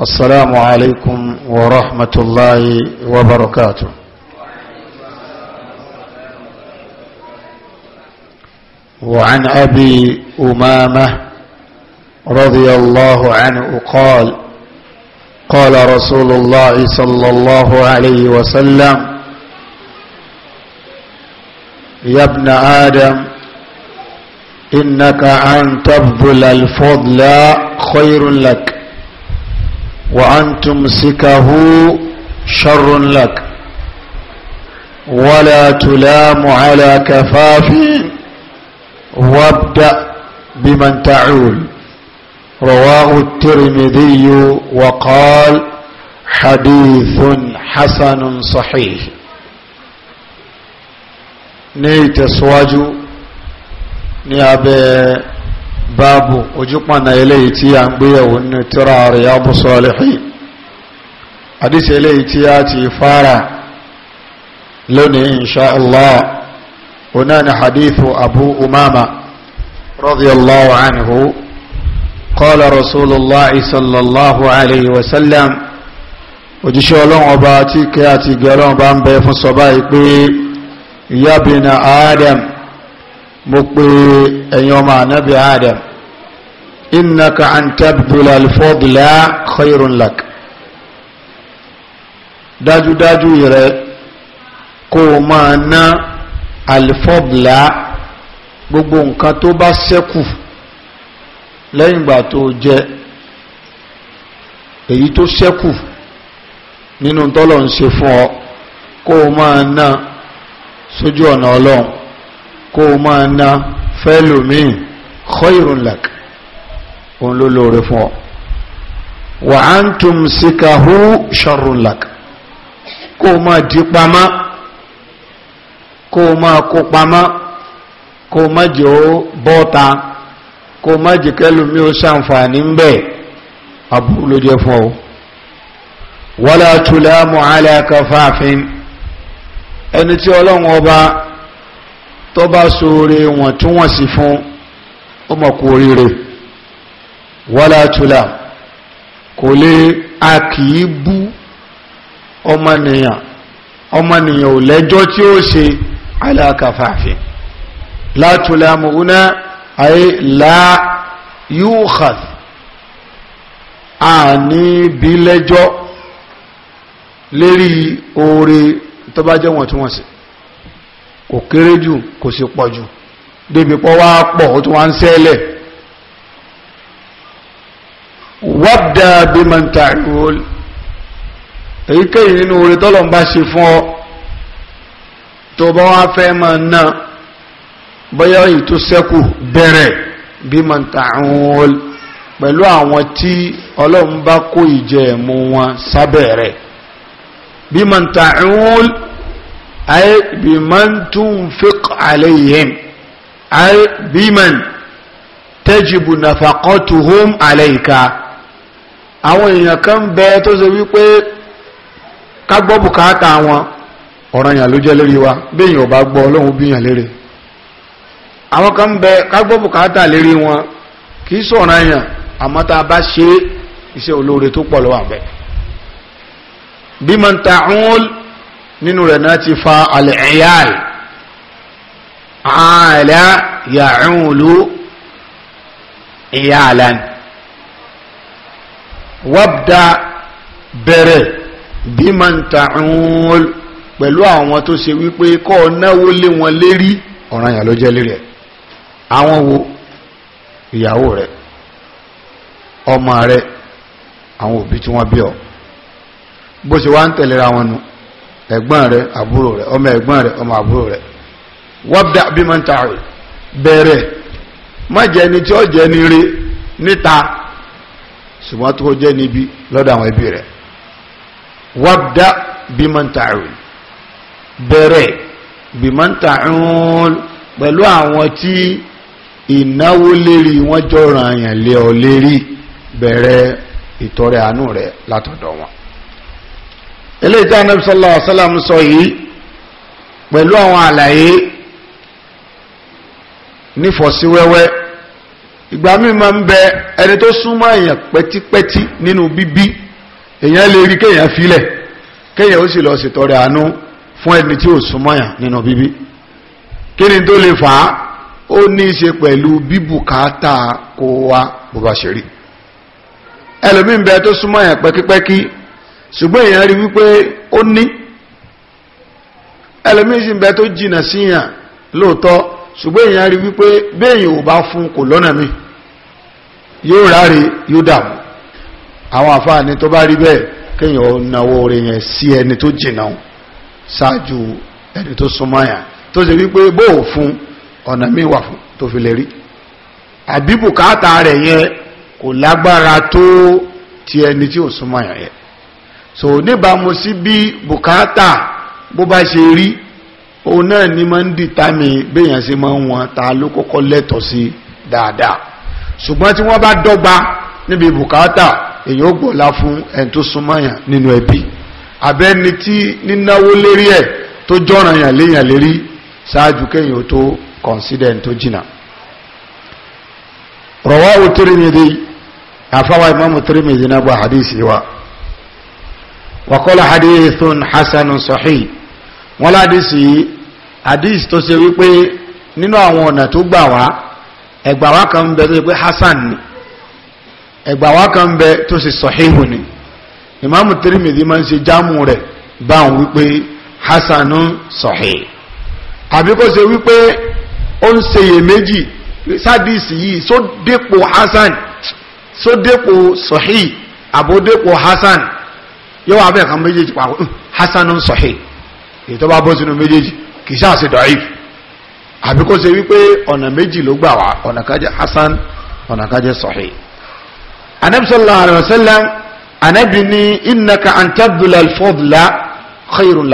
السلام عليكم ورحمة الله وبركاته وعن أبي أمامة رضي الله عنه قال قال رسول الله صلى الله عليه وسلم يا ابن آدم إنك أن تبذل الفضل خير لك وأن تمسكه شر لك ولا تلام على كفاف وابدأ بمن تعول رواه الترمذي وقال حديث حسن صحيح نيت سواجو ní báàbù ojúpọ̀nà eléyìí tí a ń gbéyàwó ní tíra Riyadu Salihin àdísì eléyìí tí a ti fara lónìí insha Allah oná ni hadithu abu umama radiyallahu anhu qala rasulullahi sallallahu alayhi wa sallam òjíṣẹ́ ọlọ́run ọba tí kẹ́ àti gẹ̀ẹ́lọ́run bá ń bẹ fún sọ báyìí pé ya adam mo pe ẹ̀yin ọmọ ànábì adam innaka an tabdula alfadla khayrun lak dájúdájú rẹ kó o máa ná alfadla gbogbo nǹkan tó bá ṣẹ́kù lẹ́yìn ìgbà tó jẹ èyí tó ṣẹ́kù nínú tọ́lọ̀ ń ṣe fún ọ kó o ná sójú ọ̀nà ọlọ́run kó o máa ná fẹ́lòmíì khairun lak òun ló lóore fún ọ wa an tumsikahu sharrun lak kó o máa di pamọ́ kó o máa kó pamọ́ kó o máa jẹ́ ó bọ́ta kó o máa jẹ́ kẹ́lòmíì ó ṣàǹfààní ń bẹ̀ aburú ló jẹ́ fún ọ wala tulamu ala kafafin ẹni tí ọlọ́run ọba tó bá sóore wọ̀n tún wọ̀n sí fún ó mọ̀ kú oríire wọ́lá tula kò lè a kìí bú ọmọnìyàn ọmọnìyàn ò lẹ́jọ́ tí ó ṣe alákàfàfẹ́ látùlá mọ̀húná ayé láà yóò hàt àní bí lẹ́jọ́ lérí oore tó bá jẹ́ wọ̀n tún wọ̀n sí kò kéré jù kò sì pọ̀ jù débi pọ́ wá pọ̀ ó tún wá ń sẹ́lẹ̀ wabda biman ta'ul èyíkéyìí nínú oore tọ́lọ̀ ń bá ṣe fún ọ tó bá wá fẹ́ máa ná bóyá èyí sẹ́kù bẹ̀rẹ̀ biman ta'ul pẹ̀lú àwọn tí ọlọ́run bá kó ìjẹ wọn sábẹ̀ rẹ̀ biman ta'ul. أي بمن تنفق عليهم أي بمن تجب نفقتهم عليك àwọn èèyàn kan bẹ tó ṣe wípé ká gbọ́ bùkátà wọn ọ̀ranyàn ló jẹ́ lérí wa béèyàn ò bá gbọ́ ọlọ́run bíyàn lérè àwọn kan bẹ ká gbọ́ bùkátà lérí wọn kì í ṣọ̀ranyàn àmọ́ tá a bá ṣe iṣẹ́ olóore tó pọ̀ lọ́wọ́ àbẹ́ bí mọ̀ntàún nínú rẹ̀ náà ti fa al-iyal àlá ya'ulu iyalan wabda bẹ̀rẹ̀ bí man ta'ul pẹ̀lú àwọn tó ṣe wípé kọ́ náwó lé wọn lérí ọ̀ràn yà ló jẹ́ lérí ẹ̀ àwọn wo ìyàwó rẹ̀ ọmọ rẹ̀ àwọn òbí tí wọ́n bí ọ bó ṣe wá ń tẹ̀lera wọn nù ẹ̀gbọ́n rẹ̀ àbúrò rẹ̀ ọmọ ẹ̀gbọ́n rẹ̀ ọmọ àbúrò rẹ̀ wọ́bdà bí mọ́ ń ta rẹ̀ bẹ̀rẹ̀ má jẹ́ ni tí ó jẹ́ ni rí níta ṣùgbọ́n tó jẹ́ níbi lọ́dọ̀ àwọn ẹbí rẹ̀ wọ́bdà bí mọ́ ń ta rẹ̀ bẹ̀rẹ̀ bí mọ́ ń ta pẹ̀lú àwọn tí ìnáwó lérí wọ́n jọ ràn yàn lé ọ lérí bẹ̀rẹ̀ ìtọrẹ àánú rẹ̀ látọ̀dọ̀ wọn eléyìí tí anabi sallallahu alaihi wasallam sọ yìí pẹ̀lú àwọn àlàyé nífọ̀sí wẹ́wẹ́ ìgbà míì máa ń bẹ ẹni tó súnmọ́ èèyàn pẹ́típẹ́tí nínú bíbí èèyàn lè rí kéèyàn filẹ̀ kéèyàn ó sì lọ ṣètọrẹ àánú fún ẹni tí ò súnmọ́ èèyàn nínú bíbí kí ni tó lè fà á ó ní í ṣe pẹ̀lú bíbùkátà kó wá bó bá ṣe rí ẹlòmíì ń bẹ tó súnmọ́ èèyàn pẹ́kípẹ́kí ṣùgbọ́n èèyàn rí wípé ó ní ẹlẹ́mìísìn bẹ tó jìnà síyàn lóòótọ́ ṣùgbọ́n èèyàn rí wípé béèyàn ò bá fún kò lọ́nà mi yóò ráre yóò dààmú àwọn àfáàní tó bá rí bẹ́ẹ̀ kéèyàn náwó rẹ̀ yẹn sí ẹni tó jìnà ṣáájú ẹni tó tó ṣe wípé fún ọ̀nà wà fún tó fi lè rí rẹ̀ ti ẹni tí ò so níbàámu sí bí bùkátà bó bá ṣe rí òun náà ni máa ń dìtàmì béèyàn ṣe máa ń wọn ta ló kọ́kọ́ lẹ́tọ̀ọ́ sí dáadáa ṣùgbọ́n tí wọ́n bá dọ́gba níbi bùkátà èyàn gbọ́lá fún ẹni tó súnmọ́yàn nínú ẹbí abẹ́ni tí nínáwó lérí ẹ̀ tó jọ́ranyàn léyàn lérí ṣáájú kéyàn tó consider ẹni tó jìnà rọ̀wá òtírímìdì àfáwà ìmáàmù tírímìdì náà gba hadisi wa wàkọ́lá hadithun hasanun sahih wọ́n ládìsí hadith tó ṣe wípé nínú àwọn ọ̀nà tó gbà wá ẹgbà wá kan bẹ tó ṣe pé hasan ni ẹgbà wá kan bẹ tó ṣe sahih ni ìmáàmù Tirmidhi máa ń ṣe jámù rẹ̀ báwọn wípé hasanun sahih àbí kó ṣe wípé ó ń ṣe iyèméjì sádìsì yìí sódépò hasan sódépò sahih àbódépò hasan yóò wá bẹ́ẹ̀ kan méjèèjì pàwọ́ hmm, hasanun sahih èyí tó bá bọ́ sínú méjèèjì kì í ṣàṣe da'if àbí kó ṣe wípé ọ̀nà méjì ló gbà wá ọ̀nà kan jẹ́ hasan ọ̀nà kan jẹ́ sahih. anabi sallallahu alayhi wa sallam anabi ni innaka an tabdula al-fadla khayrun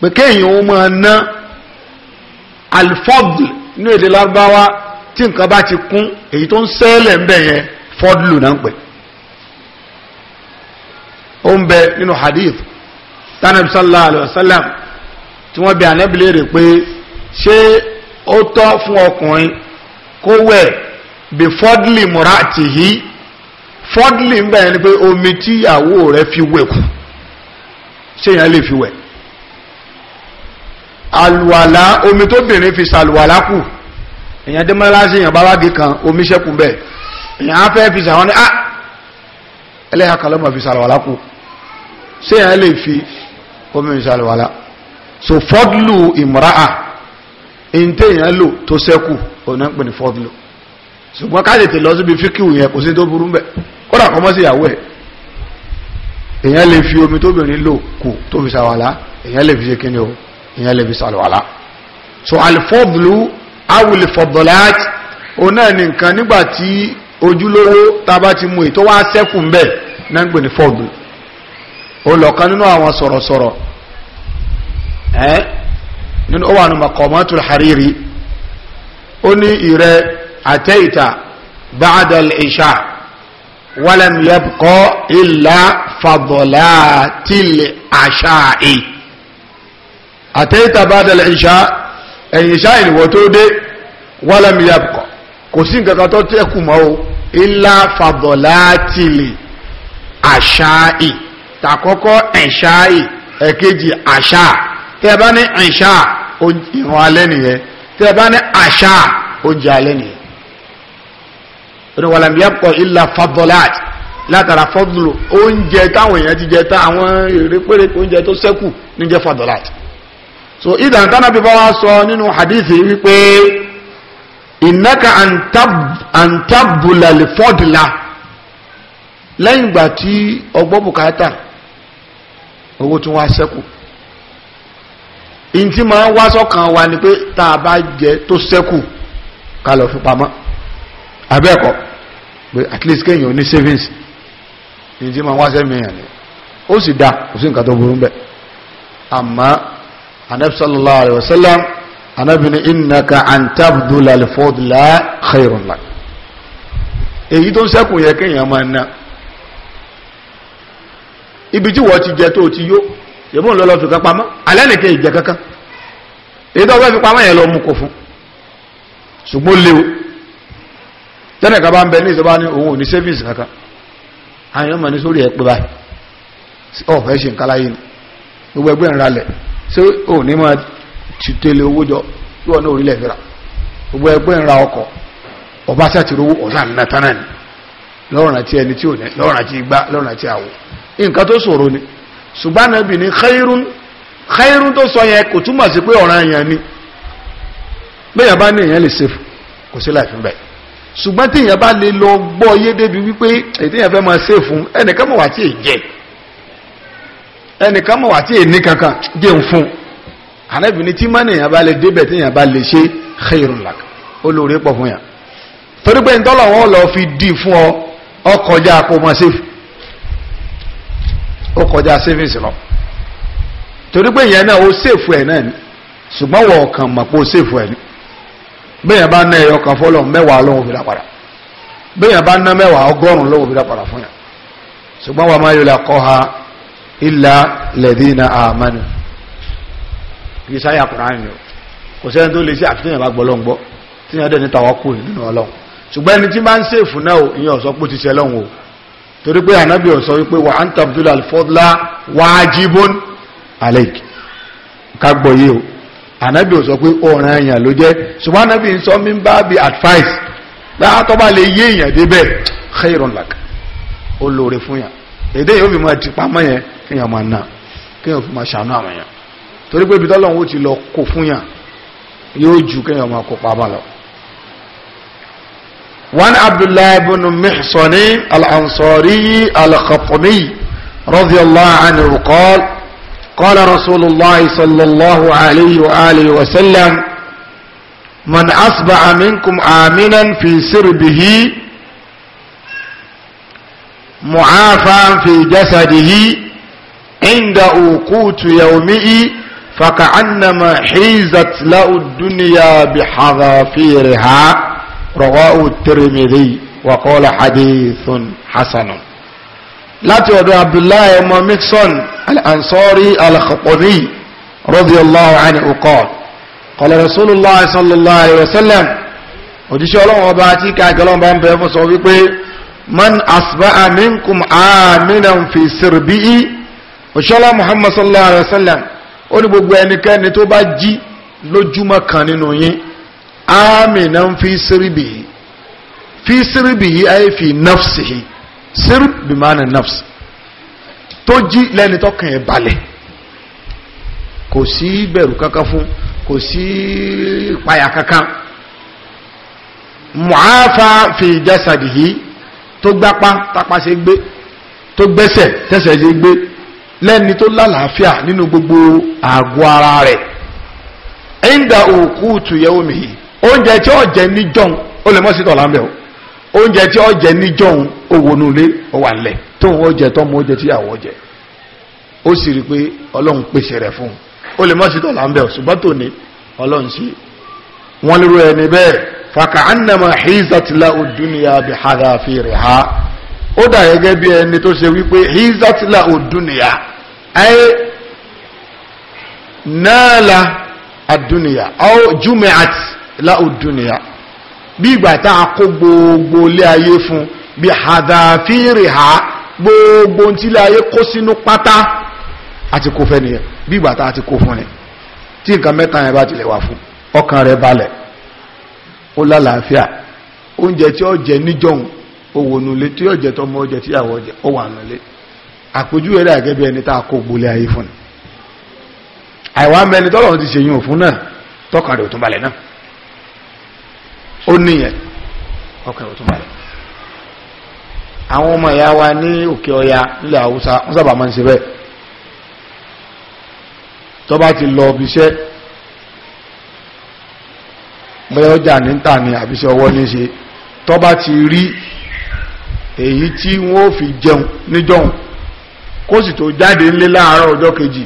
pé kéèyàn ó máa ná al ní èdè lárúbáwá tí nǹkan bá ti kún èyí tó ń sẹ́lẹ̀ ń bẹ̀ yẹn fọ́dùlù náà ń ó ń bẹ hadith tanabi sallallahu alayhi wa sallam tí wọ́n bẹ anabi léèrè pé ṣé ó tọ́ fún ọkùnrin kó wẹ̀ bí fọ́dìlì mùràtì yìí fọ́dìlì ń bẹ̀rẹ̀ ni pé omi tí ìyàwó rẹ̀ fi wẹ̀ kù ṣéyàn lè fi wẹ̀ àlùwàlá omi tóbìnrin fi ṣàlùwàlá kù èyàn dé mọ́lá sí èyàn bábági kan omi ṣẹ́kù bẹ́ẹ̀ èyàn á fi ṣàwọn ní à ah, ẹlẹ́yà kan fi ṣàlùwàlá kù ṣé yẹn lè fi omi ìṣàlùwàlá so fọdùlù ìmúraà ìǹtẹ yẹn lò tó ṣẹ́kù ọ̀nà pè ní fọdùlù ṣùgbọ́n ká lè tè lọ síbi fíkìwù yẹn kò sí tó burú mbẹ̀ kódà kọ́mọ́ sí ìyàwó ẹ̀ èyàn lè fi omi tóbìnrin lò kù tó fi ṣàwàlá èyàn lè fi ṣe kíni o èyàn lè fi ṣàlùwàlá so alifọdùlù awùlìfọdùlát òun náà ní nǹkan nígbà tí ojúlówó tá a bá ti mú ètò wá ṣẹ́kù mbẹ̀ náà ń pè ní fọdùlù ó lọ̀kan nínú àwọn sọ̀rọ̀sọ̀rọ̀ ẹ́ nínú ó wà nínú Maqamatul Hariri ó ní ìrẹ́ ataita ba'da al-isha walam yabqa illa fadlatil asha'i ataita ba'da al-isha ẹ̀yìn ìṣá tó dé walam yabqa kò sí nǹkan kan tó tẹ́kù mọ́ illa fadlatil Takoko ẹ̀ṣáì ẹ̀kejì àṣà tẹ́ ẹ bá ní ẹ̀ṣà ìrun alẹ́ nìyẹn tẹ́ ẹ bá ní àṣà oúnjẹ alẹ́ nìyẹn. oníwàlámi yàpọ̀ ilà fadọ́láàtì látara fọ́dúlù oúnjẹ táwọn èèyàn ti jẹ tá àwọn èrè pérépé oúnjẹ tó sẹ́kù níjẹ́ fadọ́láàtì. so ìdá tánàbí bá wá sọ nínú hadithi wípé ìnáka àǹtàbùlà lè fọ́dùlà lẹ́yìn ìgbà tí ọgbọ́ bùkátà owó tún wá ṣẹ́kù ìntí máa ń wá sọ́kàn wa ni pé tá a bá jẹ tó ṣẹ́kù ká lọ fi pamọ́ abẹ́ẹ̀kọ́ pé at least kéèyàn ó ní savings ìntí máa ń wá sẹ́mìíràn ni ó sì dáa kò sí nǹkan tó burú bẹ́ẹ̀ àmọ́ anabi alayhi wa sallam anabi innaka an tabdula èyí tó ń ṣẹ́kù yẹ kéèyàn máa ná ibi tí wọ́n ti jẹ tó ti yó yẹ̀mú ń lọ́lọ́ fìkan pamọ́ alẹ́ nìkan ìjẹ kankan èyí tó fẹ́ fi pamọ́ yẹn lọ mú kò fún ṣùgbọ́n léwu tẹ́nìkan bá ń bẹ ní ìsọba ní òun ò ní savings kankan àyàn mọ̀ ní sórí ẹ̀ pé báyìí ọ̀fẹ́ ṣe nǹkan láyé ni gbogbo ẹgbẹ́ ń ralẹ̀ ṣé ò ní máa ti tẹ́lẹ̀ owó jọ tí wọ́n ní orílẹ̀ fira gbogbo ẹgbẹ́ ń ra ọkọ̀ ọba ṣàtìrówó ọ̀sán nínú tánà ni lọ́rùn àti ẹni tí ò ní lọ́rùn àti igbá lọ́rùn àti àwọ̀ nǹkan tó ṣòro ni ṣùgbọ́n nàbì ní khairun khairun tó sọ yẹn kò túmọ̀ sí pé ọ̀ràn yẹn ni bẹ́ẹ̀ bá ní èèyàn lè ṣe kò sí láì fi bẹ́ẹ̀ ṣùgbọ́n tí èèyàn bá lè lọ gbọ́ yé débi wípé èdè yẹn fẹ́ máa ṣe fún ẹnìkan mọ̀ wá tí èè jẹ ẹnìkan mọ̀ wá tí èè ní kankan jẹun fún ànábì ní tí mọ́nì èèyàn bá lè débẹ̀ tí èèyàn bá lè ṣe khairun lak olóore pọ̀ fún yàn torí pé ntọ́lọ́wọ́ lọ fi dì fún ọ ọkọjá kó máa ṣe fún ó kọjá savings lọ torí pé ìyẹn náà ó sèfù ẹ̀ náà ni ṣùgbọ́n wọ̀ ọ̀kan mọ̀ pé ó sèfù ẹ̀ ni bẹ́ẹ̀ bá ná ẹyọ kan fọlọ́ mẹ́wàá lọ́wọ́ fi lápadà bẹ́ẹ̀ bá ná mẹ́wàá ọgọ́rùn-ún lọ́wọ́ fi lápadà fún yàn ṣùgbọ́n wàá máa yọlẹ̀ kọ́ ha ilà lẹ́dínà àmánu kì í sáyà kùnrin ni o kò sẹ́ni tó lè ṣe àfihàn bá gbọ́ lọ́ngbọ́ tí yàn dẹ̀ ní tàwọn kù nínú torí pé ànábì ó sọ wípé wà á ń tàbdúlà alfọ́dúlà wájibón alek kagbọ̀ yìí o ànábì ó sọ pé ọ̀ràn èèyàn ló jẹ́ ṣùgbọ́n ànábì ń sọ mí bá bi advice bá bá lè yé èèyàn débẹ̀ khairun lak ó lóore fún yàn èdè yóò fi máa ti pamọ́ yẹn kéèyàn máa nà kéèyàn fi máa ṣàánú àwọn yàn torí pé ibi tọ́lọ́run ó ti lọ kó fún yàn yóò ju kéèyàn máa kó pamọ́ lọ وعن عبد الله بن محصن الأنصاري الخطمي رضي الله عنه قال قال رسول الله صلى الله عليه وآله وسلم من أصبح منكم آمنا في سربه معافا في جسده عند أوقوت يومئ فكأنما حيزت له الدنيا بحذافيرها rawahu Tirmidhi wa qala hadithun hasanun láti ọ̀dọ̀ abdullahi ọmọ mixon al-ansari al-khaqani radiyallahu anhu qala qala rasulullah sallallahu alayhi wa sallam òjíṣẹ́ ọlọ́run ọba àti káàkiri ọlọ́run bá ń bẹ̀rẹ̀ fún sọ wípé man asba'a minkum aminan fi sirbi'i òṣìṣẹ́lá muhammad sallallahu alayhi wa sallam ó ní gbogbo ẹnikẹ́ni tó bá jí lójúmọ́ kan nínú yín aminan fi sirbi fi sirbi ay fi nafsihi sirb bi ma'ana nafs tó jí lẹ́ni tọ́kàn ẹ̀ balẹ̀ kò sí bẹ̀rù kankan fún kò sí ìpayà kankan mu'afa fi jasadihi tó gbápá tápá ṣe gbé tó gbẹ́sẹ̀ tẹ́sẹ̀ ṣe gbé lẹ́ni tó lálàáfíà nínú gbogbo àgọ́ ara rẹ̀ inda ukutu yawmihi oúnjẹ tí ó jẹ ní jọun ó lè mọ́ sí o oúnjẹ tí ó jẹ ní jọun ó wọnú wà lẹ̀ tóun ó jẹ tọ́mọ ó jẹ tíyàwó ó jẹ ó sì rí i pé ọlọ́run pèsè rẹ̀ fún un ó lè sí o ṣùgbọ́n tòní ọlọ́run sí lérò ẹni bẹ́ẹ̀ ha ó dà gẹ́gẹ́ bí ẹni tó ṣe wípé hìzàtìlá òdùnìyà ayé láòdùnìyà bí ìgbà tá a kó gbogbo ilé ayé fún bí hàdàfíìrì ha gbogbo tí ilé ayé kó sínú pátá àti kó fẹ́ nìyẹn bí ìgbà tá a ti kó fún ni tí nǹkan mẹ́ta yẹn bá tilẹ̀ wà fún ọkàn rẹ̀ balẹ̀ ó lálàáfíà oúnjẹ tí ó jẹ níjọun ó nulẹ̀ tí ó jẹ tọmọ ó jẹ tíyàwó jẹ ó wà nulẹ̀ àpèjúwe rẹ̀ àgẹ́bí ẹni tá a kó gbolé ayé fún ni àìwá mẹ́ni tọ́lọ́run ti ṣèyún òfun náà tọkàn rẹ̀ ò náà ó níyẹn ọkàn ò tún balẹ̀ àwọn ọmọ ìyá wa ní òkè ọya nílẹ̀ haúsá wọ́n sábà máa ń ṣe bẹ́ẹ̀ tó bá ti lọ ibi iṣẹ́ bẹ́ẹ̀ ọjà ní ta ni àbíṣẹ́ ọwọ́ ní ṣe tó bá ti rí èyí tí wọ́n fi jẹun níjọ́hun kó sì tó jáde ńlé láàárọ̀ ọjọ́ kejì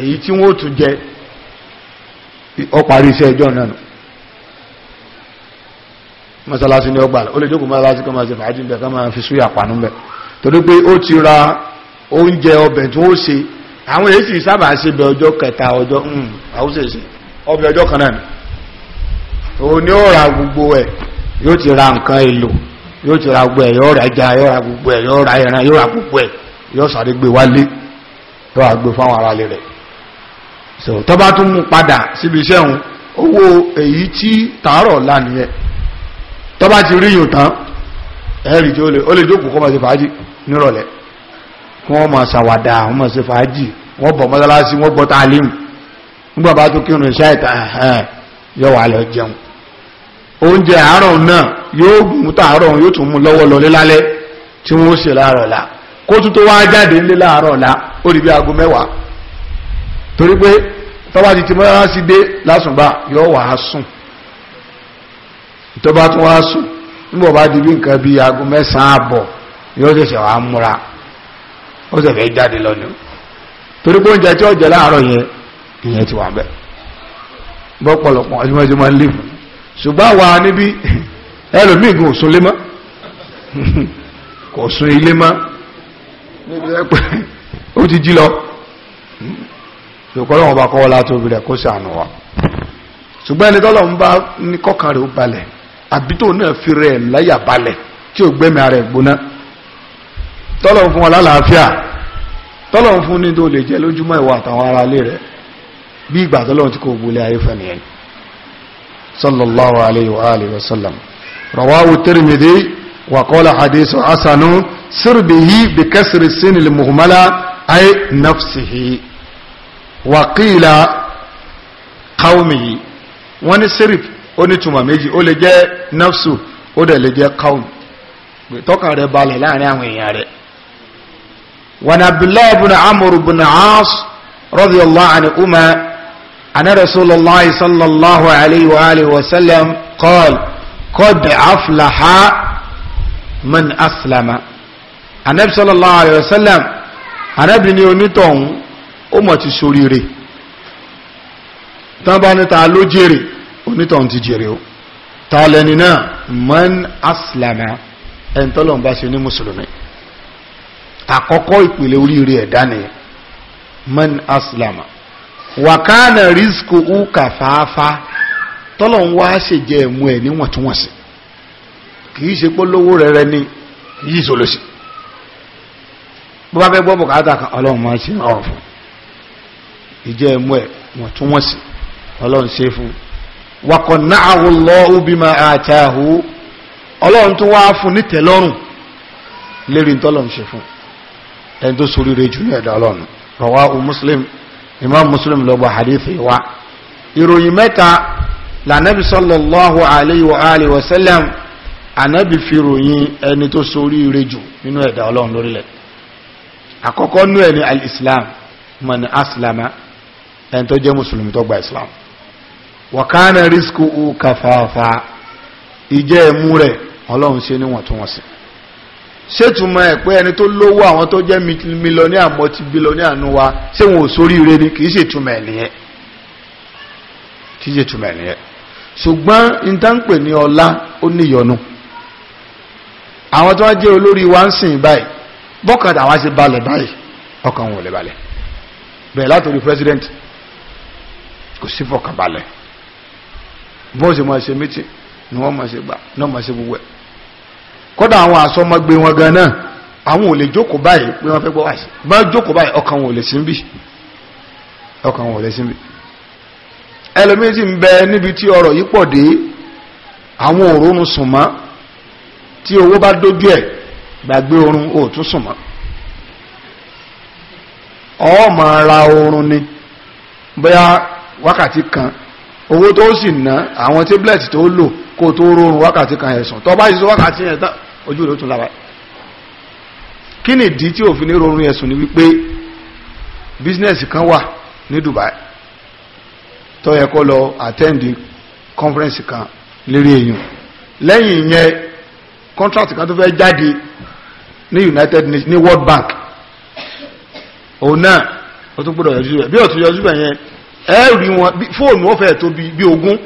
èyí tí wọ́n tún jẹ ó iṣẹ́ ìjọ náà nù masalasi ní ọgbà ó lè jókòó mọ́sálásí kan máa ṣe fàájì bẹ̀ kan máa fi súyà pànú bẹ̀ torí pé ó ti ra oúnjẹ ọbẹ̀ tí ó ṣe àwọn èyí sì sábà ṣe bẹ ọjọ́ kẹta ọjọ́ hmm, àwùsèṣe ọbẹ̀ ọjọ́ kan náà ni òun ni ó ra gbogbo ẹ̀ yóò ti ra nǹkan èlò yóò ti ra gbogbo ẹ̀ yóò ra ẹja yóò ra gbogbo ẹ̀ yóò ra ẹran yóò ra gbogbo ẹ̀ yóò sáré gbé wálé yóò ra gbé fáwọn aráalé rẹ̀ so tó bá tún mú padà síbi iṣẹ́ òun owó èyí tí tààrọ̀ lánìyẹn tó bá ti rí yìí tán ẹ̀rì tí ó lè ó lè jókòó kọ́ máa ṣe fàájì nírọ̀lẹ́ kí wọ́n máa ṣàwàdà wọ́n máa ṣe fàájì wọ́n bọ̀ mọ́sálásí wọ́n gbọ́ tálímù nígbà bá tó kírun iṣẹ́ ìta yóò lọ jẹun oúnjẹ àárọ̀ náà yóò mú tààrọ̀ yóò tún mú lọ́wọ́ lọ lálẹ́ tí wọ́n ṣe láàrọ̀ la kó tún tó wá jáde ńlé láàrọ̀ la ó rí bí aago mẹ́wàá torí pé tọ́wá ti mọ́sálásí dé lásùnbà yóò á sùn tó bá tún wá sùn nígbà bá di bí nǹkan bí aago mẹ́sàn-án àbọ̀ yóò ṣẹ̀ṣẹ̀ wá múra ó sì fẹ́ jáde lọ́nà torí pé oúnjẹ tí ó jẹ láàárọ̀ yẹn ìyẹn ti wà bẹ́ẹ̀ bọ́pọ̀lọpọ̀ ọjọ́mọ́jọ́ máa ń lè fún ṣùgbọ́n wa níbi ẹlòmíì gan òsùn lé mọ́ kò sùn ilé mọ́ níbi ẹgbẹ́ ó ti jí lọ ṣùgbọ́n ọlọ́run ọba kọ́wọ́lá tóbi rẹ̀ kó ṣàánú wa ṣùgbọ́n ẹni bá ní kọ́kàn rẹ̀ ó balẹ̀ àbí tó náà fi rẹ̀ láyà balẹ̀ tí ò gbẹ́mìí ara ẹ̀ gbóná tọ́lọ̀ fún wọn lálàáfíà tọ́lọ̀ fún ní tó lè jẹ́ lójúmọ́ ìwà àtàwọn ará ilé rẹ̀ bí ìgbà tọ́lọ̀ tí kò gbólé ayé fẹ́ nìyẹn sallallahu alayhi wa alihi wa sallam rawahu tirmidhi wa qala hadithu hasanu sirbihi bi kasri sinil muhmala ay nafsihi wa qila qawmihi wani sirbi ó ní túmọ̀ méjì ó lè jẹ́ nafsu ó dẹ̀ lè jẹ́ kaun tọ́kàn rẹ̀ balẹ̀ láàrin àwọn èèyàn rẹ̀ wọn abdullahi bin amur bin as radiyallahu anhuma ana rasulullah sallallahu alayhi wa alihi wa sallam qala qad aflaha man aslama anabi sallallahu alayhi wa sallam anabi ni onítọ̀hún ó mọ̀ ti tán bá ní ta ló jèrè onítọ̀hún ti jèrè o ta náà man aslama ẹni tọ́lọ́run bá ṣe ní mùsùlùmí àkọ́kọ́ ìpìlẹ̀ oríire ẹ̀dá ni man aslama wàkánà rísíkò ó kàfáfá tọ́lọ́run wá ṣèjẹ ẹ̀mú ẹ̀ níwọ̀ntúnwọ̀nsì kìí ṣe pé lówó rẹ̀rẹ̀ ni yìí sọ lọ́sì bó bá fẹ́ ọlọ́run ṣe fún wàkọ̀nà àwòlọ́ òbí ma àtàhù ọlọ́run tó wá fún ní tẹ́lọ́rùn lérí tọ́lọ̀ ṣe fún ẹni tó sorí rẹ̀ jù ní ẹ̀dà ọlọ́run rọwá muslim imam muslim lọ gba hadithi wa ìròyìn mẹ́ta lànàbí sallallahu alayhi wa alihi wa sallam ànàbí fi ròyìn ẹni tó sorí rẹ̀ jù nínú ẹ̀dà ọlọ́run lórílẹ̀ àkọ́kọ́ nú ẹni al-islam man aslama ẹni tó jẹ́ mùsùlùmí tó gba islam Wakana rísíkù ú kàfàfà ìjẹ́ ẹ̀mú rẹ̀ ọlọ́run ṣe níwọ̀ntúnwọ̀nsì ṣètùmọ̀ ẹ̀ pé ẹni tó lówó àwọn tó jẹ́ mílíọ̀nìà mọ́tì bílíọ̀nìà nu wa ṣé wọn ò sóríire ni kì í ṣètùmọ̀ ẹ̀ nìyẹn kì í ṣètùmọ̀ ẹ̀ nìyẹn ṣùgbọ́n ìtànpè ní ọlá ó níyọnu àwọn tó wá jẹ́ olórí wa ń sìn báyìí bọ́kàdà wá ṣe balẹ̀ báyìí ọkàn wọn ò lè látòrí president kò sí fọkànbalẹ̀ bọ́ọ̀ sì máa ṣe mítì ni wọ́n máa ṣe gbà náà máa ṣe gbogbo ẹ̀ kódà àwọn àsọmọgbé wọn gan náà àwọn ò lè jókòó báyìí pé wọ́n fẹ́ gbọ́ wáṣí bá jókòó báyìí ọkàn wọn ò lè síbí ọkàn wọn ò lè síbí ẹlòmíín ń bẹ níbi tí ọrọ̀ yìí pọ̀ dé àwọn òórùn sùn mọ́ tí owó bá dójú ẹ̀ gbàgbé oorun ò tún sùn mọ́ ọ̀ọ́ máa ra oorun ni bóyá wákàtí kan owó tó sì ná àwọn tablet tó lò kó tó rọrùn wákàtí kan ẹ̀sùn tó bá ṣiṣẹ́ wákàtí yẹn tán ojú rẹ̀ ó tún lára kí ni ìdí tí òfin rọrùn ẹ̀sùn ni wípé business kan wà ní Dubai tó yẹ kó lọ attend conference kan lérí èyàn lẹ́yìn yẹn contract kan tó fẹ́ jáde ní United Nations ní World Bank òun náà ó tún gbọ́dọ̀ yọjú rẹ̀ bí ó tún yọjú rẹ̀ yẹn ẹ̀rí wọn fóònù ọ̀fẹ́ tó bí ogún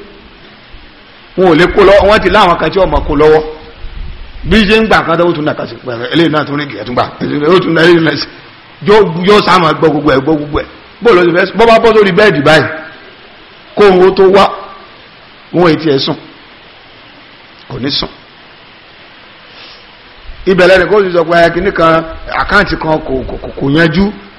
wọn ò lè kó lọ́wọ́ wọ́n ti láwọn kan tí ọmọ kó lọ́wọ́ bí ṣe ń gbà kan tó tún nàkàsí pẹ̀rẹ̀ eléyìí náà tún rí kìí tún gbà ó tún náà eléyìí náà sí yóò sáàmà gbọ́ gbogbo ẹ̀ gbọ́ gbogbo ẹ̀ bóòlù ọ̀sẹ̀ fẹ́ bọ́ bá bọ́ sórí bẹ́ẹ̀dì báyìí kó owó tó wá wọn ètí ẹ̀ sùn kò ní sùn ibẹ̀ lẹ́nu kó sì sọ pé kíní kan àkáǹtì kan kò yanjú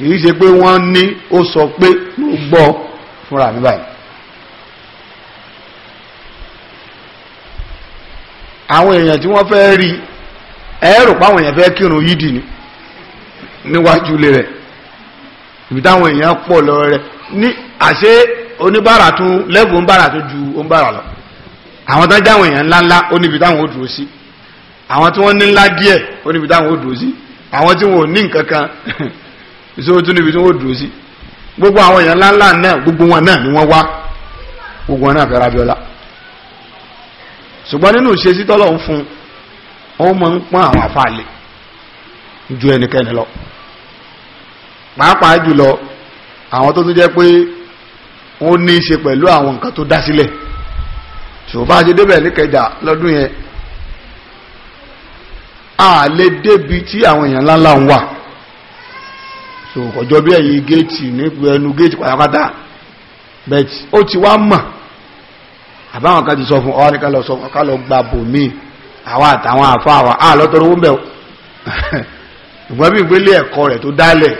kìí ṣe pé wọ́n ní ó sọ pé ló gbọ́ fúnra mi báyìí àwọn èèyàn tí wọ́n fẹ́ rí ẹ̀rù páwọn èèyàn fẹ́ kírun yídì ni níwájú ilé rẹ̀ ibi táwọn èèyàn pọ̀ lọ rẹ̀ ní àṣẹ oníbàárà tún lẹ́gùn bàrà tó ju oníbàárà lọ àwọn tó jáwọn èèyàn ńláńlá ó níbi táwọn ó dúró sí àwọn tí wọ́n ní ńlá díẹ̀ ó níbi táwọn ó dúró sí àwọn tí wọn ò ní nǹkan kan ìṣòro tún níbi tí wọ́n dúró sí gbogbo àwọn èèyàn ńláńlá náà gbogbo wọn náà ni wọ́n wá gbogbo wọn náà fẹ́ Rábíọ́lá ṣùgbọ́n nínú ìṣesí tọ́lọ̀ ń fún wọn máa ń pọ́n àwọn àfàlẹ́ ju ẹnikẹ́ni lọ pàápàá jùlọ àwọn tó tún jẹ́ pé wọ́n ní í ṣe pẹ̀lú àwọn nǹkan tó dá sílẹ̀ ṣùgbọ́n àti débẹ̀ ní lọ́dún yẹn a lè débi tí àwọn èèyàn ńláńlá ń wà so kọjọ bí ẹ̀yìn géètì ní ẹnu géètì pátápátá but ó ti wá mọ̀ àbáwọn kan ti sọ fún ọwọ́ ní kálọ̀ sọ fún kálọ̀ gba bòmí àwa àtàwọn àfa àwa á lọ́tọ́rọ owó ìgbọ́n bí ìgbélé ẹ̀kọ́ rẹ̀ tó dálẹ̀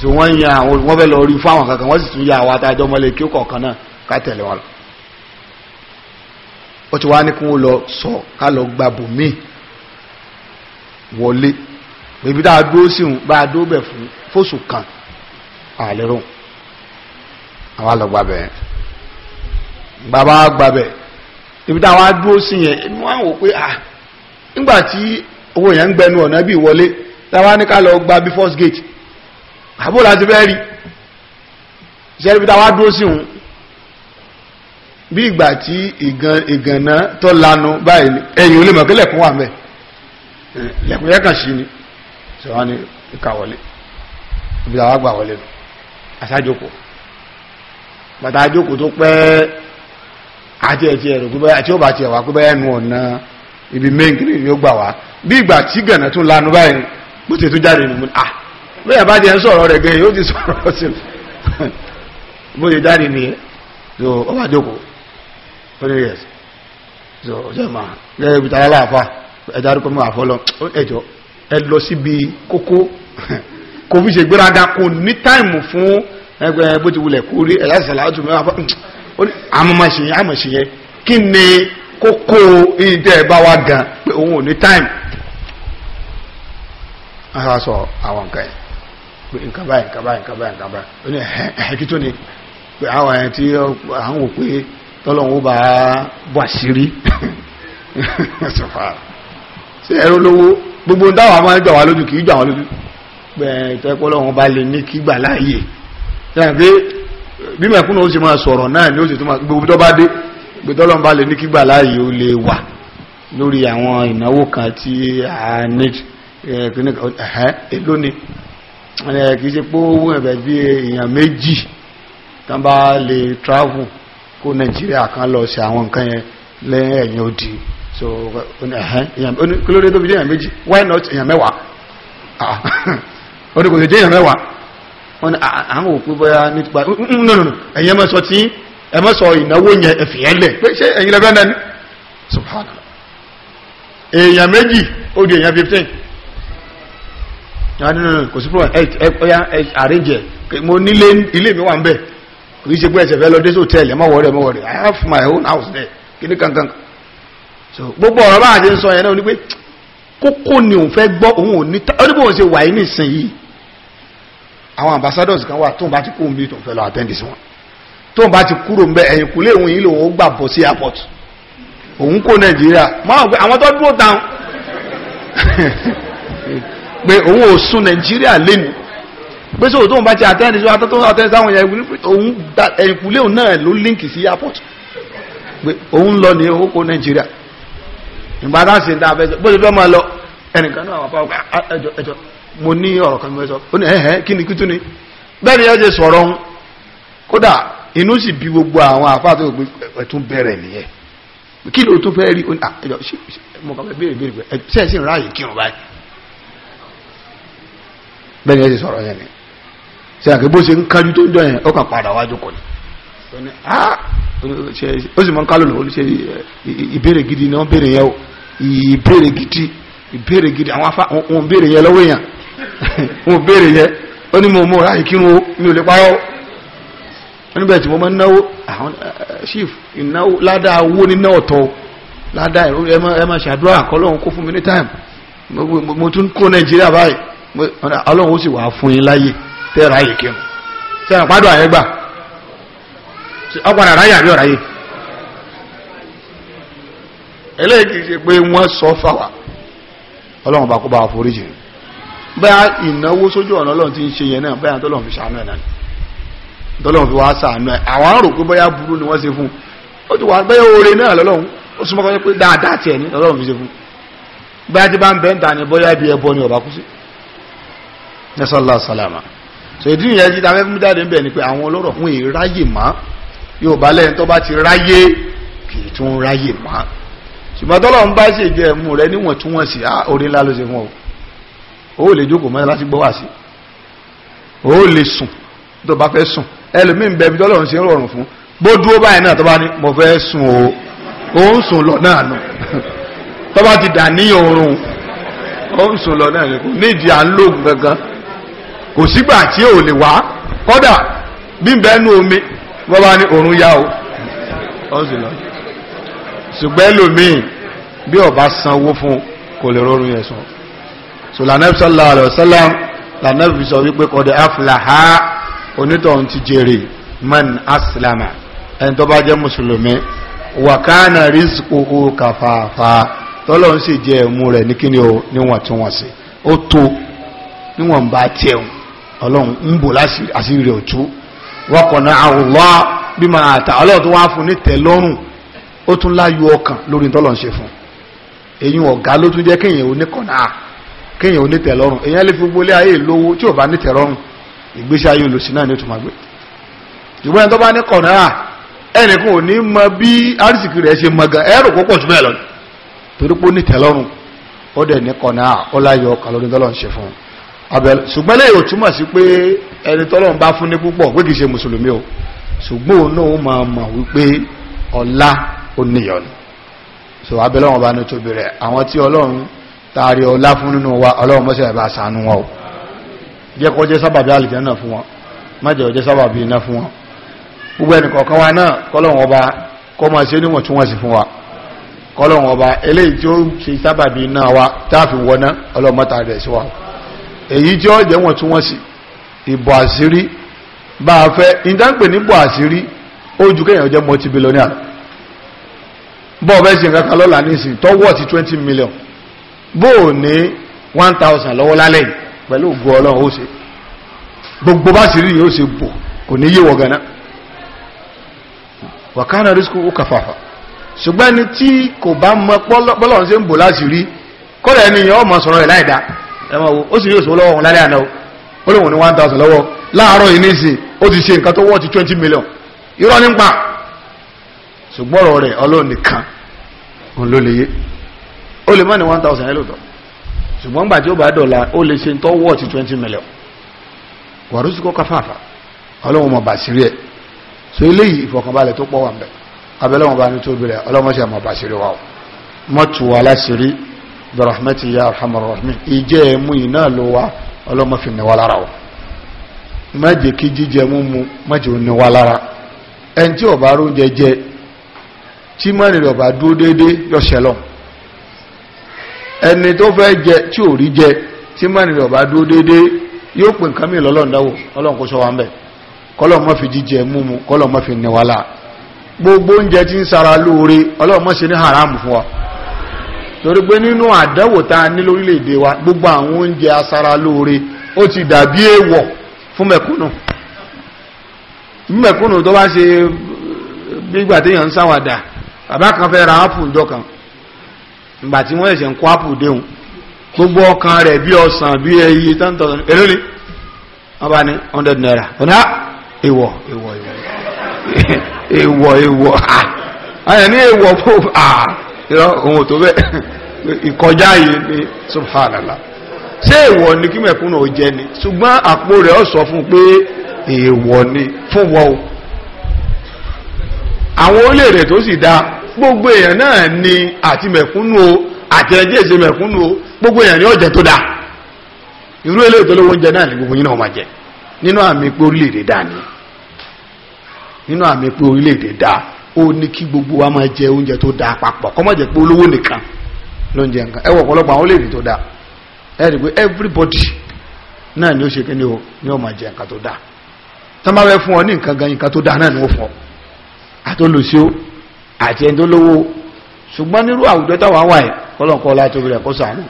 so wọ́n yan àwọn wọ́n fẹ́ lọ rí fún àwọn kankan wọ́n sì tún ya àwọn adájọ́ mọ́lẹ̀ kí ó kọ̀ọ̀kan náà ká tẹ̀lé wọn lọ ó ti wá ní kí wọ́n lọ sọ kálọ̀ gba bòmí wọlé bèbí dáa dúró sí òun bá a dúró bẹ̀ fún fóṣù kan àlérò àwa lọ gbàbẹ̀ bàbá gbàbẹ̀ ibi táwa dúró sí yẹn inú wa wò pé ah nígbà tí owó yẹn ń gbẹnu ọ̀nà bí wọlé táwa ní ká lọ gba bí first gate àbó láti fẹ́ rí ṣe ibi táwa dúró sí òun bí ìgbà tí ìgànnà tó lanu báyìí ẹ̀yìn olè mọ̀kẹ́lẹ̀kùn wà mẹ́ lẹ̀kùn yẹn kàn sí ni sọ wọn ni ìka wọlé ibi àwọn àgbà wọlé aṣájòkó bàtà àjòkó tó pẹ́ àti ẹ̀tì ẹ̀rọ pípẹ́ àti ó bá ti ẹ̀wà pípẹ́ ẹnu ọ̀nà ibi mẹ́ngírí ni ó gbà wá bí ìgbà tí gànà tún lanu báyìí bó ti tún jáde nìmú à bẹ́ẹ̀ bá ti ẹ̀ ń sọ̀rọ̀ rẹ̀ gẹ̀ẹ́ yóò ti sọ̀rọ̀ sí i bó ti jáde nìyẹn so ó bá jókòó twenty years so ọjọ́ ìmọ̀ gẹ́gẹ́ bí tayálà àfa ẹ̀dá arúgbó mọ́ àfọlọ́ ẹ̀jọ́ ẹ lọ síbi kókó kò fi ṣe gbéraga kò ní táìmù fún ẹgbẹ́ bó ti wulẹ̀ kó rí ẹ̀yà sàlátù mẹ́wàá fún amọ̀ṣẹ̀yẹ amọ̀ṣẹ̀yẹ kí ni kókó ìdẹ́ ẹ̀ bá wa gan pé òun ò ní táìmù. a sá sọ àwọn nǹkan yẹn pé nǹkan báyìí nǹkan báyìí nǹkan báyìí nǹkan báyìí ó ní ẹ̀ẹ́dì tó ni pé àwọn ẹ̀ tí à ń wò pé tọ́lọ́hún ó bá bọ́ àṣírí ṣe ẹ̀rọ lówó gbogbo ń dáwà máa ń gbà wá lójú kì í gbà wá lójú bẹ́ẹ̀ ìtẹ́kọ́ lọ́wọ́n bá lè ní kí gbà láàyè yàrá pé bí mẹ̀kúnnà ó sì máa sọ̀rọ̀ náà ni ó sì tún máa gbogbo tó bá dé gbogbo tọ́lọ́wọ́n bá lè ní kí gbà láàyè ó lè wà lórí àwọn ìnáwó kan tí a ní èlò kìí ṣe pé owó ẹ̀bẹ̀ bí èèyàn méjì tán bá lè travel kó Nàìjíríà kan lọ sí àwọn nǹkan yẹn lẹ́yìn òdì so ẹ̀hẹ́ èèyàn ó ní kí ló dé tó fi jẹ́ èèyàn méjì why not èèyàn mẹ́wàá ó ní kò sì jẹ́ èèyàn mẹ́wàá wọ́n ní àwọn òpin bóyá nípa nínú ẹ̀yìn ẹmọ́ sọ tí ẹmọ́ sọ ìnáwó yẹn ẹ̀fìyẹ́lẹ̀ pé ṣé ẹ̀yìn lẹ́fẹ́ náà ní subhanallah èèyàn méjì ó di èèyàn 15 yàrá nínú kò sí problem ẹ̀yà oh, àríjẹ mo nílé ilé mi wà ń bẹ̀ kò í ṣe pé ẹ̀sẹ̀ fẹ́ lọ dé sí hòtẹ́ẹ̀lì ẹmọ́wọ́ rẹ̀ ẹmọ́wọ́ rẹ̀ I have my own house there kí ní kankan so gbogbo ọ̀rọ̀ bá àti ń sọ yẹn náà ni pé kókó ni òun fẹ́ gbọ́ òun ò ní ó ní bí òun ṣe wà yín nìsín yìí àwọn ambassadors kan wà tóun bá ti kúrò níbi tóun fẹ́ lọ attend sí wọn tóun bá ti kúrò ń bẹ ẹ̀yìn kúlé òun yìí lòun ó gbà bọ̀ sí airport òun kó nàìjíríà máa gbé àwọn tó dúró táwọn pé òun ò sun nàìjíríà lẹ́nu pé sóòtú òun bá ti attend sí wọn tó attend sáwọn ẹ̀yìn kúlé òun náà ló líǹkì sí airport pé òun lọ ní owó kó nàìjíríà ìgbà tá à ń ṣe dáa ma bó ṣe fẹ́ máa lọ ẹnìkan náà wà ẹjọ ẹjọ mo ní ọ̀rọ̀ kan mẹ́sọ ó ní ẹ̀hẹ́ kí ni kítú ni bẹ́ẹ̀ ni ẹ ṣe sọ̀rọ̀ ń gbogbo àwọn àfáà tó gbé ẹ̀tún bẹ̀rẹ̀ nìyẹn kí ló fẹ́ rí ó ní ah, mo kàn fẹ́ béèrè béèrè pé sì ń ráàyè kírun bẹ́ẹ̀ ni ẹ ṣe sọ̀rọ̀ ni ó ah ó sì mọ kálò lòó ṣe ìbéèrè gidi ni wọ́n béèrè yẹn o ìbéèrè gidi ìbéèrè gidi àwọn afá wọn béèrè yẹn lọ́wọ́ èèyàn wọn béèrè yẹn ó ní mo mọ láì kírun o mi ò lè parọ́ wọn níbẹ̀ tí mo máa ń náwó àwọn eh, eh, chief ìnáwó ládàá owó níná ọ̀tọ̀ ládàá ẹ̀rọ ẹ máa ṣàdúrà kọ́lọ́hún kó fún mi ní time mo tún kó nàìjíríà báyìí ọlọ́run ó sì wà fún yín láyè tẹ́ẹ̀rọ ayè kírun sẹ́yìn pádùn àyẹ́gbà ọ̀padà ráyè àbí ọ̀ráyè eléyìí ṣe pé wọ́n sọ fáwà ọlọ́run bá kó bá foríjì bẹ́ẹ̀ ìnáwó sójú ọ̀nà ọlọ́run ti ń ṣe yẹn náà bẹ́ẹ̀ tọ́lọ́run fi ṣàánú ẹ̀ náà tọ́lọ́run fi wá ṣàánú ẹ̀ àwọn àrò pé bóyá burú ni wọ́n ṣe fún ó ti wà bẹ́ẹ̀ oore náà lọ́lọ́run ó súnmọ́ kọ́ pé dáadáa tiẹ̀ ní lọ́lọ́run fi ṣe fún bẹ́ẹ̀ ti bá ń bẹ́ẹ̀ ń ta ni bóyá ibi ẹbọ ni ọba kú sí nẹ́sọ̀lá sàlámà so ìdí ìyẹn ti ta fẹ́ fún jáde ń bẹ̀ ni pé àwọn ọlọ́rọ̀ fún èráyè máa yorùbá lẹ́yìn tó bá ti ráyé kì í tún ráyè mọ́ ṣùgbọ́n tọ́lọ́ ń bá ṣèjọ ẹ̀mú rẹ níwọ̀ntúnwọ̀nsì á orí ńlá ló ṣe fún ọ ó lè jókòó mọ́ láti gbọ́ wá sí ó lè sùn tó bá fẹ́ sùn ẹlòmíín bẹ́ẹ̀ tọ́lọ́ ń ṣe rọrùn fún bó dúró báyìí náà tó bá ní mo fẹ́ sùn o ó ń sùn lọ náà nù tó bá ti dà ní oorun ó ń sùn lọ náà nù nídìí à ń lòògùn gangan kò sígbà tí ò lè wá kọ́dà bí bẹ́ẹ̀ nú omi wọ́n bá ní òun yá o ó sì lọ ṣùgbọ́n ẹlòmíì bí ó bá sanwó fún kò lè rọrùn yẹn sàn so lànàbí sallallahu alaihi wasallam lànàbí sọ wípé kọ́dẹ̀ aflaha onítọ̀hún ti jèrè man aslama ẹni tó bá jẹ́ mùsùlùmí wàkánà rizquhu kàfàfà tọ́lọ́ ń sì jẹ ẹ̀mú rẹ̀ ní kíni o níwọ̀ntúnwọ̀nsì ó tó níwọ̀n bá tiẹ̀ ọlọ́run ń bò láṣìírí rẹ̀ òtún wọ́kọ̀nà àwòlá bí ma àtà ọlọ́run wá fún ní tẹ̀lọ́rùn ó tún láyọ̀ ọkàn lórí tọ́lọ̀ ń ṣe fún èyí ọ̀gá ló tún jẹ́ kéèyàn oníkọ̀nà kéèyàn onítẹ̀lọ́rùn èyàn lè fi gbolé ayé lówó tí ò bá nítẹ̀lọ́rùn ìgbésí ayé náà ní gbé ẹni tó bá ò ní mọ bí arísìkì rẹ̀ ṣe lọ ẹni tọ́lọ́run bá fún ní púpọ̀ pé kìí ṣe mùsùlùmí o ṣùgbọ́n òun náà máa mọ̀ wípé ọlá ó níyọnu so abẹ́lọ́wọ̀n bá ní tóbi rẹ̀ àwọn tí ọlọ́run taari ọlá fún nínú wa ọlọ́run mọ́sẹ̀ ẹ̀bá sànú wọn o jẹ́ kó jẹ́ sábàbí àlìjẹ́nà fún wọn má jẹ́ ọjẹ́ sábàbí iná fún wọn gbogbo ẹnìkọ̀ọ̀kan wa náà kọ́lọ́run ọba kọ́ máa ṣe níwọ̀ntúnwọ̀nsì fún wa kọ́lọ́run ọba eléyìí tí ó ṣe sábàbí iná wa táàfin wọná ọlọ́run mọ́ta rẹ̀ sí wa èyí tí ó jẹ́ wọ̀ntúnwọ̀nsì ìbò àṣírí bá a fẹ́ ìdánpè níbò àṣírí ojú kéèyàn jẹ́ multi-billionaire bọ́ọ̀ nǹkan lọ́la nísìn tọ́wọ́ ti twenty million bó ní one thousand lọ́wọ́ lálẹ́ yìí pẹ̀lú ògo ọlọ́run ó ṣe gbogbo bá sì rí yìí ó ṣe bò kò ní yíwọ gánà wàkánà rísíkù ó kàfàfà ṣùgbọ́n ẹni tí kò bá mọ bọ́lọ́run ṣe ń bò láti kọ́lẹ̀ ẹni yẹn ọmọ sọ̀rọ̀ ẹ̀ láìda ẹ̀mọ̀ wo ó sì yóò sọ lọ́wọ́ òun lálẹ́ àná o ó lè wọ́n ní one thousand lọ́wọ́ láàárọ̀ yìí nísìn ó ti ṣe nǹkan tó wọ́ ti twenty million irọ́ nípa ṣùgbọ́n ọ̀rọ̀ rẹ̀ ọlọ́run nìkan òun ló lè yé ó lè má ní one thousand yẹn lóòótọ́ ṣùgbọ́n gbà tí ó bá dọ̀la ó lè ṣe tó wọ́ ti twenty million wàrúsùkọ́ káfáfá ọlọ́run mọ̀ bàṣírí ẹ̀ so eléyìí ìfọ̀kànbalẹ̀ tó pọ̀ wà ń bẹ̀ abẹ́lẹ́ wọn bá ní tó bẹ̀rẹ̀ ọlọ́mọṣẹ́ o mọ́tò aláṣírí rahmatulahi arhamar rahim ìjẹ́ ẹ̀mú ọlọ́mọ fi ní wa lára o má jẹ́ kí jíjẹ múmu má jẹ́ ó ní wa lára ẹni tí ọba róúnjẹ jẹ tí mọ́rin rẹ̀ ọba dúró déédéé yọ ṣẹlọ ẹni tó fẹ́ jẹ tí ò rí jẹ tí mọ́rin rẹ̀ ọba dúró déédéé yóò pè nǹkan mìíràn lọ́lọ́run ọlọ́run kó sọ wa ń bẹ̀ kọ́lọ́ má fi jíjẹ múmu kọ́lọ́ má fi ní wa lára gbogbo oúnjẹ tí ń sara lóore ọlọ́run má ṣe ní haramu fún wa torí pé nínú àdánwò tá a ní lórílẹ̀‐èdè wa gbogbo àwọn oúnjẹ asara lóore ó ti dàbí èèwọ̀ fún mẹ̀kúnnù mẹ̀kúnnù tó bá ṣe gbígbà téèyàn ń ṣàwàdà bàbá kan fẹ́ ra ápù ńjọ kan ìgbà tí wọ́n ẹ̀ṣẹ̀ ń kó ápù déhùn gbogbo ọkàn rẹ̀ bí ọsàn bí ẹyí tọ́ntọ́n èrò ni wọ́n bá ní 100 naira ọ̀nà èwọ̀ èwọ̀ èwọ̀ èwọ̀ èwọ̀ àyẹ̀ ní èwọ̀ fún àà ohun òun tó bẹ́ẹ̀ ìkọjá yìí ni subhanallah ṣé ni kí mẹ̀kúnnà ó jẹ ni ṣùgbọ́n àpò rẹ̀ ó sọ fún pé ni fún o àwọn orílẹ̀ tó sì gbogbo èèyàn náà ni àti mẹ̀kúnnù o àti ẹjẹ́ ìṣe o gbogbo èèyàn ni ọ̀jẹ̀ tó dáa irú eléyìí tó oúnjẹ náà ni gbogbo yín náà máa jẹ nínú àmì pé orílẹ̀-èdè ni nínú àmì pé orílẹ̀-èdè ó ní gbogbo wa máa jẹ oúnjẹ tó dáa papọ̀ kọ́ má jẹ́ pé olówó nìkan ló ń jẹ nǹkan ẹ ọ̀pọ̀lọpọ̀ àwọn olèdè tó dáa pé everybody o ni ó máa jẹ nǹkan tó dáa tó máa fẹ́ fún ọ ní nǹkan gan nǹkan tó dáa náà ni ó àti ẹni tó lówó ṣùgbọ́n nírú àwùjọ wà ẹ̀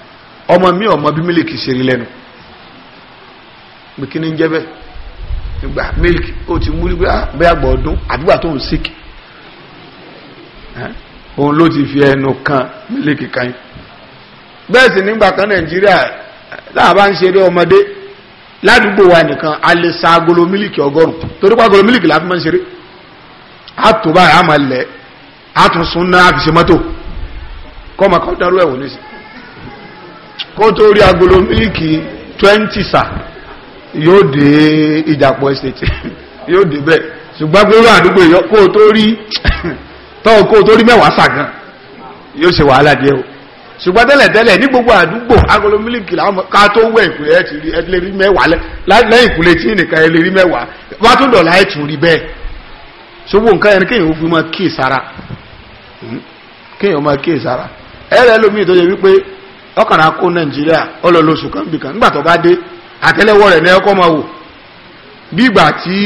ọmọ mi ọmọ bí ṣe rí lẹ́nu pé kí ni ń jẹ́ bẹ́ẹ̀ nígbà mílìkì ó ti ah, àgbọ̀ ọdún òun ló ti fi ẹnu kan mílíkì kan yìí bẹ́ẹ̀ sì nígbà kan nàìjíríà láà bá ń ṣeré ọmọdé ládùúgbò wa nìkan a lè sa agolo mílíkì ọgọ́rùn torí pa agolo mílíkì láti máa ń ṣeré a tó báyìí a máa lẹ̀ a sún náà a ṣe mọ́tò kọ́ ọmọ kan dárú ẹ̀wọ̀n nísì kó tó rí agolo mílíkì twenty sa yóò dé ìjàpọ̀ estate yóò dé bẹ́ẹ̀ ṣùgbọ́n gbogbo àdúgbò yọ kó tó rí tó kó torí mẹ́wàá sàgán yóò ṣe wàhálà díẹ̀ o ṣùgbọ́n tẹ́lẹ̀tẹ́lẹ̀ ní gbogbo àdúgbò agolo mílíkì làwọn tó wẹ̀ ìkùlẹ̀ ẹ̀ ti rí ẹ̀ lè rí mẹ́wàá lẹ́yìn ìkùlẹ̀ tí nìkan ẹ̀ lè rí mẹ́wàá wá tún dọ̀la ẹ̀ tún rí bẹ́ẹ̀ ṣùgbọ́n nǹkan yẹn kéèyàn fi sára hmm? kéèyàn sára lómi ìtọ́jú wípé ọkàn akó nàìjíríà tí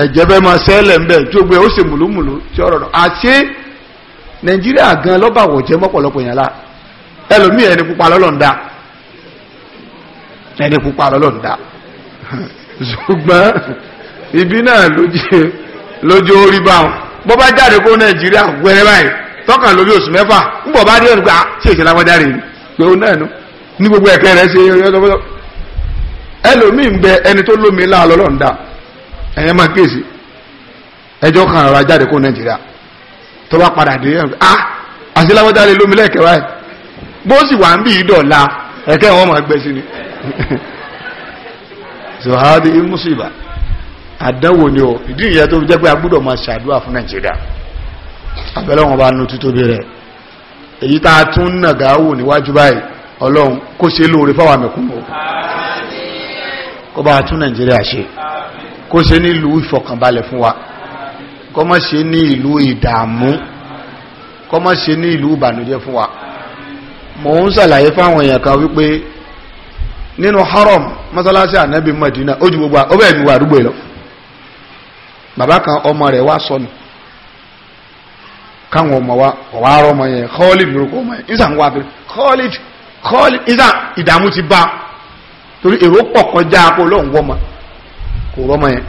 ẹ̀jẹ̀ bẹ́ẹ̀ máa sẹ́lẹ̀ ń bẹ̀ tí ó gbé ó sì mùlùmùlù tí ọ̀rọ̀ rọ̀ àti nàìjíríà gan lọ́ba àwọ̀jẹ́ mọ́pọ̀lọpọ̀ yẹn la ẹlòmíì ẹni pupa lọ́lọ́ǹda ẹni pupa lọ́lọ́ǹda ṣùgbọ́n ibi náà lójú orí bá wọn bó bá jáde kó nàìjíríà wẹ́rẹ́ báyìí tọ́kàn lórí oṣù mẹ́fà ń bọ̀ bá rí ẹnu tí èsì lágbájá pé ó náà ní gbogbo ẹ̀kẹ́ rẹ̀ ṣe ẹlòmíì ń bẹ ẹni tó lómi láà ẹ̀yẹ́ máa kíyèsí ẹjọ́ kan ara jáde kó nàìjíríà tó bá padà dé ẹ̀ ah àṣìláwọ́dá lè lómi lẹ́ẹ̀kẹ́wàá ẹ̀ bó sì wà ń bí ìdọ̀la ẹ̀kẹ́ wọn máa gbẹ sí ni zohadi musiba àdánwò ni o ìdí ìyẹn tó jẹ́ pé a gbọ́dọ̀ máa ṣàdúrà fún nàìjíríà abẹ́lẹ́ wọn bá nu títóbi rẹ̀ èyí tá a tún nàgà wò níwájú báyìí ọlọ́run kó ṣe lóore fáwọn mẹ̀kúnnù kó bá a tún nàìjíríà ṣe kó ṣe ní ìlú ìfọ̀kànbalẹ̀ fún wa kó má ṣe ní ìlú ìdààmú kó má ṣe ní ìlú ìbànújẹ́ fún wa mò ń ṣàlàyé fáwọn èèyàn kan wípé nínú haram mọ́sálásí ànábì Madina ó ju gbogbo ọbẹ̀ ìlú àdúgbò lọ bàbá kan ọmọ rẹ̀ wá sọnù káwọn ọmọ wa ọwọ́ arọ ọmọ yẹn Khalid lórúkọ ọmọ yẹn ìsàn wà bẹ̀rẹ̀ Khalid Khalid ìsàn ìdààmú ti bá torí èrò pọ̀ kọjá apò lóun wọ́ ma kò rọ́mọ yẹn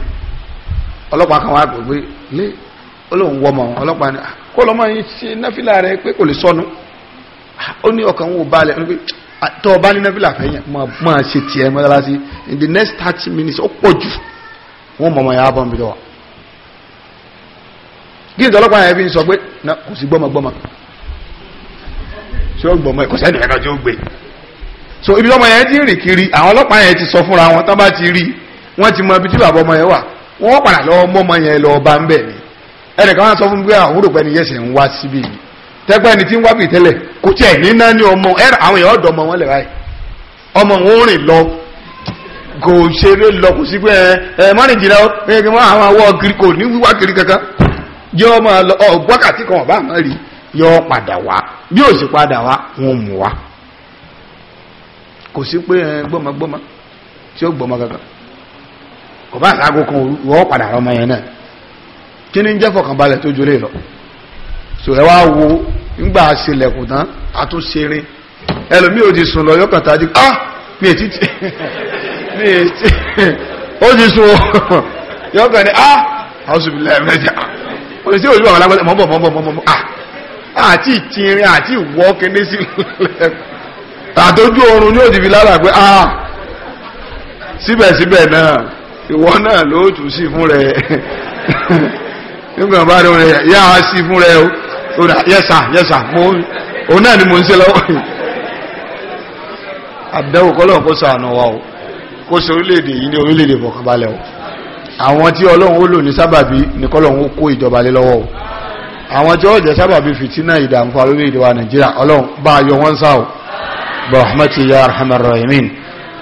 ọlọ́pàá kan wá pè pé lé olóhùn wọ́mọ ọlọ́pàá ni kó lọ́mọ yìí ṣe náfìlà rẹ pé kò lè sọnù ó ní ọkàn wò balẹ̀ ó ní pé tọ́ ọ bá ní náfìlà fẹ́ yẹn máa ṣe tiẹ̀ mọ́tàlásí in the next thirty minutes ó pọ̀ jù wọ́n mọ̀ ọmọ yà á bọ̀ nbí lọ́wọ́ kí ìtọ́ ọlọ́pàá yẹn fi ń sọ pé kò sí gbọ́mọgbọ́mọ tí ó gbọ́mọ ẹ̀kọ́ sẹ́ni ẹ̀ka tí ó gbé so ibi ọmọ yẹn ti rìn kiri àwọn ọlọ́pàá yẹn ti sọ fúnra wọn tán bá ti rí i wọ́n ti mọ ibi tí bàbá ọmọ yẹn wà wọ́n padà lọ́wọ́ mọ́ ọmọ yẹn lọ́ọ́ bá ń bẹ̀ ni ẹnìkan wọn sọ fún mi pé àwọn ah, òròpẹ́ ni yẹ̀sẹ̀ ń wá síbí yìí tí ń wá tẹ́lẹ̀ kò tiẹ̀ ní náà ọmọ àwọn èèyàn ọmọ wọn báyìí ọmọ wọn ò rìn lọ kò ṣeré lọ kò sí pé ẹ mọ́rin jìnnà ó kí wọ́n kiri kò ní wíwá kiri kankan yọ ọmọ ọ kan ọba àmọ́ rí yọ padà wá bí sì padà wá wọn mú wa kò sí pé ẹ tí ó gbọ́mọ kankan kò bá àkágó kan wọ́ padà ọmọ yẹn náà kí ni ń jẹ́ fọkànbalẹ̀ tó jolè lọ so ẹ wá wo ńgbà ṣẹlẹ̀kùn tán àtúnṣerin ẹlòmíì ò ti sùn lọ yọkàtà di ah mi ètí ti mi ètí ó ti sùn yọkàn ni ah ọsùnbìlẹ̀ mẹ́jà òní tí òṣùwọ̀n alágbàtà mọ́bọ̀ mọ́bọ̀ mọ́bọ̀ ah àti ìtìrin àti ìwọ́ kéde sí lẹ́kùn àtójú oorun ní òdìbí lára pé ah síbẹ̀síbẹ̀ náà ìwọ náà ló tù sí fún rẹ nígbà bá rẹ rẹ yá a sí fún rẹ o yẹsà yẹsà mo òun náà ni mo ń ṣe lọ́wọ́ àbẹ̀wò kọ́lọ̀ kó ṣàánú wa o kó ṣe orílẹ̀-èdè yìí ní orílẹ̀-èdè bọ̀kànbalẹ̀ o àwọn tí ọlọ́run ó lò ní sábàbí ní kọ́lọ̀run ó kó ìjọba lé lọ́wọ́ o àwọn tí ó jẹ́ sábàbí fìtínà ìdàmfà orílẹ̀-èdè wa Nàìjíríà ọlọ́run bá yọ wọ́n sá o bọ̀ rahmatu ya arhamar rahimin